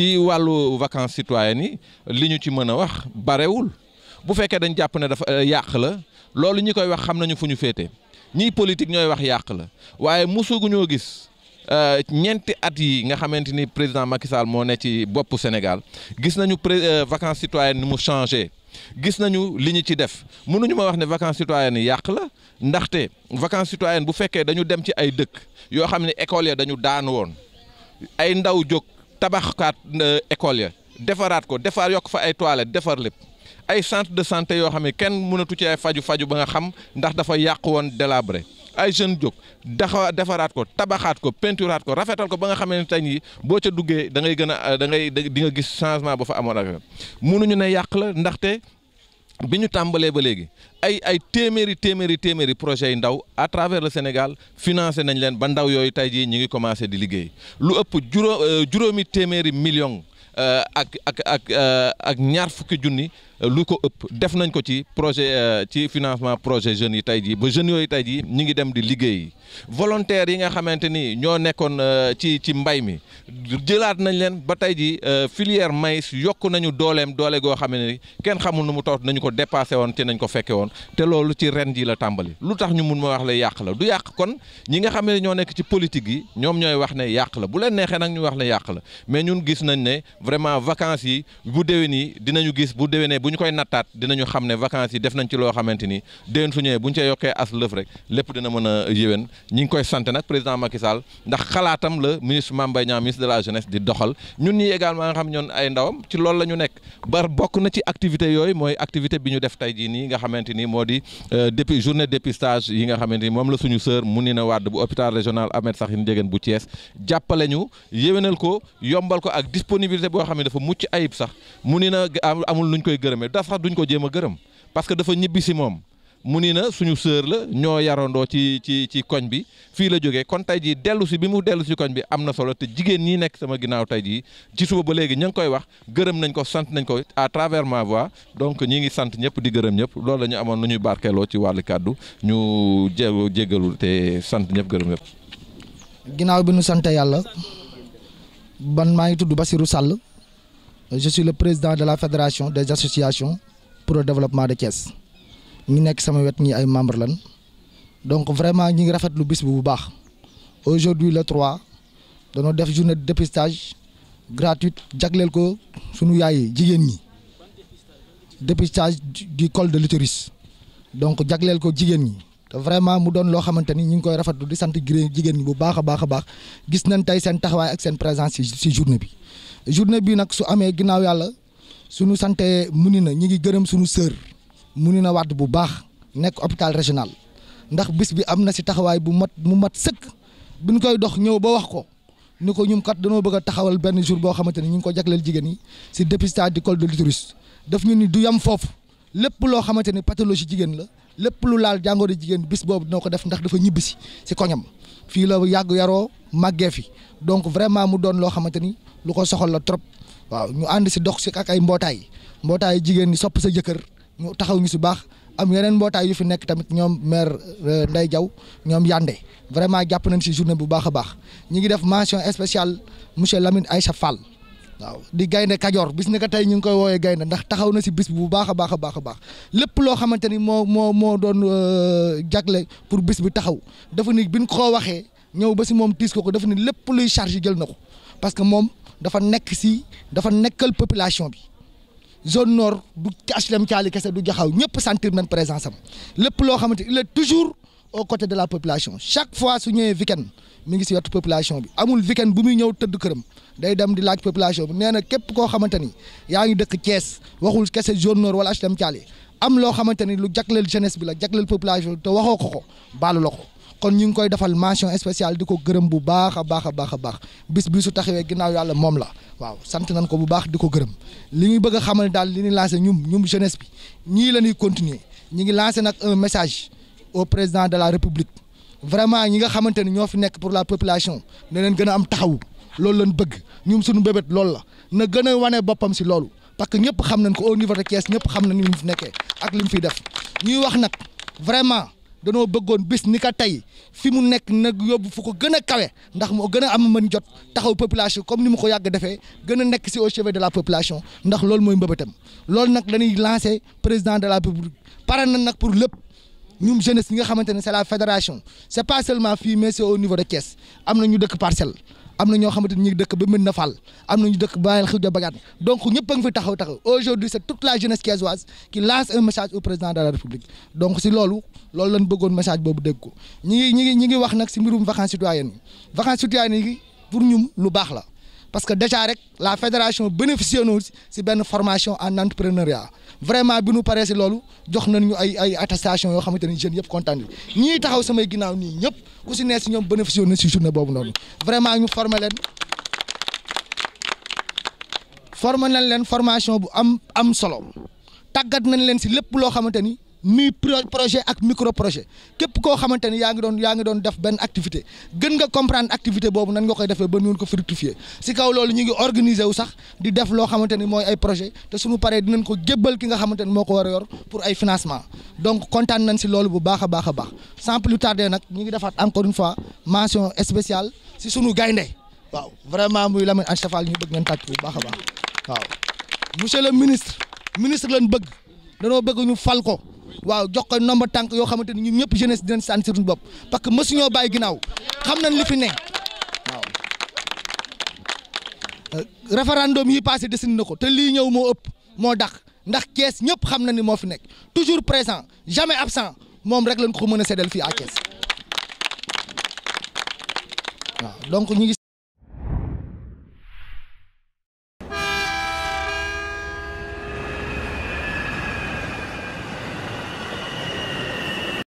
ci wàllu vacances citoyennes yi li ñu ci mën a wax barewul bu fekkee dañ jàpp ne dafa euh, yàq la loolu ñi koy wax xam nañu fu ñu féete ñii politique ñooy wax yàq la waaye musugu ñoo gis euh, ñeenti at yi nga xamante ni président Macky moo ne ci boppu Sénégal gis nañu pré euh, vacances citoyennes mu changé gis nañu li ñu ci def mënuñu ma wax ne vacances citoyennes yi yàq la ndaxte vacances citoyennes bu fekkee dañu dem ci ay dëkk yoo xam ne école ya dañu daan woon ay ndaw jóg. tabaxkaat euh, école ya defaraat ko defar yokk fa ay toilettes defar lépp ay centre de santé yoo xam ne kenn mënatu ci ay faju faju ba nga xam ndax dafa yàq woon délabré ay jeunes jóg daxa defaraat ko tabaxaat ko peinturaat ko rafetal ko ba nga xamee ne tey jii boo ca duggee da ngay gën a euh, da ngay di nga gis changement ba fa amoon ak munuñu ne yàq la ndaxte. bi ñu tàmbalee ba léegi ay ay téeméeri téeméeri téeméeri projet yi ndaw à travers le Sénégal financé nañ leen ba ndaw yooyu tey jii ñu ngi commencé di liggéey lu ëpp euh, juróomi téeméeri millions euh, ak ak ak euh, ak ñaar fukki junni. lu ko ëpp def nañ ko ci projet euh, ci financement projet jeunes yi tey jii ba jeunes yooyu tey jii ñu ngi dem di liggéey volontaires yi nga xamante ni ñoo nekkoon euh, ci ci mbay mi jëlaat nañ leen ba tey jii euh, filière maïs yokk nañu dooleem doole goo xam ne kenn xamul nu mu toot nañu ko dépassé woon te nañ ko fekke woon te loolu ci ren ji la tàmbali lu tax ñu mun ma wax la yàq la du yàq kon ñi nga xam ne ñoo nekk ci politique yi ñoom ñooy wax ne yàq la bu leen neexee nag ñu wax ne yàq la mais ñun gis nañ ne vraiment vacance yi bu déwén yi dinañu gis bu déwénee ñu koy nattaat ñu xam ne vacances yi def nañ ci loo xamante ni déwén su ñëwee bu ñu cee yokkee as lëf rek lépp dina mën a yéwén ñi ngi koy sant nag président Macky Sall ndax xalaatam la ministre Mame Mbaye ministre de la jeunesse di doxal ñun ñii également nga xam ñoon ay ndawam ci loolu la ñu nekk bar bokk na ci activité yooyu mooy activité bi ñu def tey jii nii nga xamante ni moo di euh, depuis journée dépistage yi nga xamante ni moom la suñu sœur Mounina Wade bu hôpital régional Ahmed Sakhir Ndiéguène bu Thiès jàppale ñu yéwénal ko yombal ko ak disponibilité boo xam ne dafa mucc ayib sax Mounina amul nuñ koy gërëm gërëmee daf sax duñ ko jéem a gërëm parce que dafa ñibbi si moom mu ni na suñu sœur la ñoo yarandoo ci ci ci koñ bi fii la jógee kon tey jii dellusi bi mu dellu si koñ bi am na solo te jigéen ñi nekk sama ginnaaw tey jii ci suba ba léegi ñu ngi koy wax gërëm nañ ko sant nañ ko à travers ma voix donc ñi ngi sant ñëpp di gërëm ñëpp loolu la amoon lu ñuy barkeeloo ci wàllu kàddu ñu jé jégalu te sant ñëpp gërëm ñëpp. ginnaaw bi nu sant yàlla ban maa ngi tudd Basirou Sall. je suis le président de la fédération des associations pour le développement de Thiès ñi nekk sama wet ñi ay membre lan donc vraiment ñi ngi rafetlu bis bi bu baax aujourd'hui le trois dañoo def journée de dépistage gratuite jagleel ko suñu yaay jigéen ñi dépistage du col de l'utérus donc jagleel ko jigéen ñi te vraiment mu doon loo xamante ni ñu ngi koy rafetlu di sant jigéen ñi bu baax a baax a baax gis nañ tey seen taxawaay ak seen présent ci ci journée bi journée bi nag su amee ginnaaw yàlla suñu santé muni na ñi ngi gërëm suñu sœur muni na wàdd bu baax nekk hôpital régional ndax bis bi am na si taxawaay bu mat mu mat sëkk bi ñu koy dox ñëw ba wax ko ni ko ñum kat dañoo bëgg a taxawal benn jour boo xamante ni ñu ngi ko jagleel jigéen ñi si dépistage du col de l'utérus daf ñu ni du yam foofu lépp loo xamante ni pathologie jigéen la lépp lu laal jàngoro jigéen bis boobu noo ko def ndax dafa ñibbi si si koñam fii la yàgg yaroo màggee fi donc vraiment mu doon loo xamante ni lu ko soxal la trop waaw ñu ànd si dox si ak ay mbootaay mbootaay jigéen ñi sopp sa jëkkër ñu taxaw ñu si baax am yeneen mbootaay yu fi nekk tamit ñoom maire euh, ndey jaw ñoom Yande vraiment jàpp nañ si journée bu baax a baax ñu ngi def mention spéciale monsieur Lamine Aïcha Fall waaw di gaynde Kajoor bis naka tey ñu ngi koy woowee gaynde ndax taxaw na si bis bu baax a baax a baax a baax lépp loo xamante ni moo moo moo doon euh, jagle pour bis bi taxaw dafa ni bi ñu ko waxee ñëw ba si moom tiis ko ko dafa ni lépp luy charge jël na ko parce que moom. dafa nekk si dafa nekkal population bi zone nord bu HLM Thialy kese du jaxaw ñëpp sentir nañ présence am lépp loo xamante il est toujours au côté de la population chaque fois su ñëwee weekend mi ngi si wetu population bi amul weekend bu muy ñëw tëdd këram day dem di laaj population bi nee na képp koo xamante ni yaa ngi dëkk Thiès waxul kese zone nord wala HLM Thialy am loo xamante ni lu jagleel jeunesse bi la jagleel population te waxoo ko ko baalu la ko. kon ñu ngi koy defal mention spéciale di ko gërëm bu baax a baax a baax a baax bis bi su taxawee ginnaaw yàlla moom la waaw sant nañ ko bu baax di ko gërëm li ñu bëgg a xamal daal li ñu lancé ñum ñum jeunesse bi ñii la ñuy continuer ñu ngi lancé nag message au président de la république vraiment ñi nga xamante ni ñoo fi nekk pour la population ne leen gën am taxawu loolu lañ bëgg ñum suñu bébét loolu la na gën a wane boppam si loolu parce que ñëpp xam nañ ko au niveau de Thiès ñëpp xam nañ ni mu fi nekkee ak li mu fiy def ñuy wax nag vraiment danoo bëggoon bis ni ka tey fi mu nekk nag yóbbu fu ko gën a kawe ndax moo gën a am man jot taxaw population comme ni ma ko yàgg defee gën nekk si au chevet de la population ndax loolu mooy mbëbëtam loolu nag dañuy lancer président de la république pare na nag pour lépp ñum jeunesse yi nga xamante ne c'est la fédération c'est pas seulement fii mais au niveau de Thiès am na ñu dëkk parcelle am na ñoo xamante ni ñu dëkk ba Médina Fall am na ñu dëkk ba xew ja bagaat donc ñëpp a ngi fi taxaw taxaw aujourd'hui c'est toute la jeunesse thiessoise qui lance un message au président de la république donc si loolu loolu lañ bëggoon message boobu dégg ko ñi ngi ñi ngi ñi ngi wax nag si mbirum vacances citoyennes yi vacances citoyennes yi pour ñun lu baax la parce que déjà rek la fédération bénéficié na si benn formation en entrepreneuriat vraiment bi nu paree si loolu jox nañu ay ay attestation yoo xamante ne jeunes yëpp kontaan nañu ñii taxaw samay ginnaaw nii ñëpp ku si nekk si ñoom bénéficié na si journée boobu noonu vraiment ñu formé nañ leen formation bu am am solo tàggat nañ leen si lépp loo xamante ni. mi projet ak micro projet képp koo xamante ni yaa ngi doon yaa ngi doon def benn activité gën nga comprendre activité boobu nan nga koy defee ba ñu ko fructifier si kaw loolu ñu ngi organiser wu sax di def loo xamante ni mooy ay projet te suñu paree dinañ ko jébbal ki nga xamante ni moo ko war a yor pour ay financement donc kontaan nañ si loolu bu baax a baax a baax sans plus tarder nag ñu ngi defaat encore une fois mention spéciale si sunu gaynde waaw vraiment muy Lamine Anne Chafal ñu bëgg ngeen tàcc bu baax a baax waaw monsieur le ministre ministre lañ bëgg danoo bëgg ñu fal ko. waaw jox ko nombre tànk yoo xamante ni ñun ñëpp jeunesse dinañ sant suñu bopp parce que mësuñoo bàyyi ginnaaw xam nañ li fi ne waaw référendum yi passé dessine na ko te lii ñëw moo ëpp moo dàq ndax kees ñëpp xam na ni moo fi nekk toujours présent jamais absent moom rek lañ ko mën a seddal fii à Thiès waaw donc ñu ngi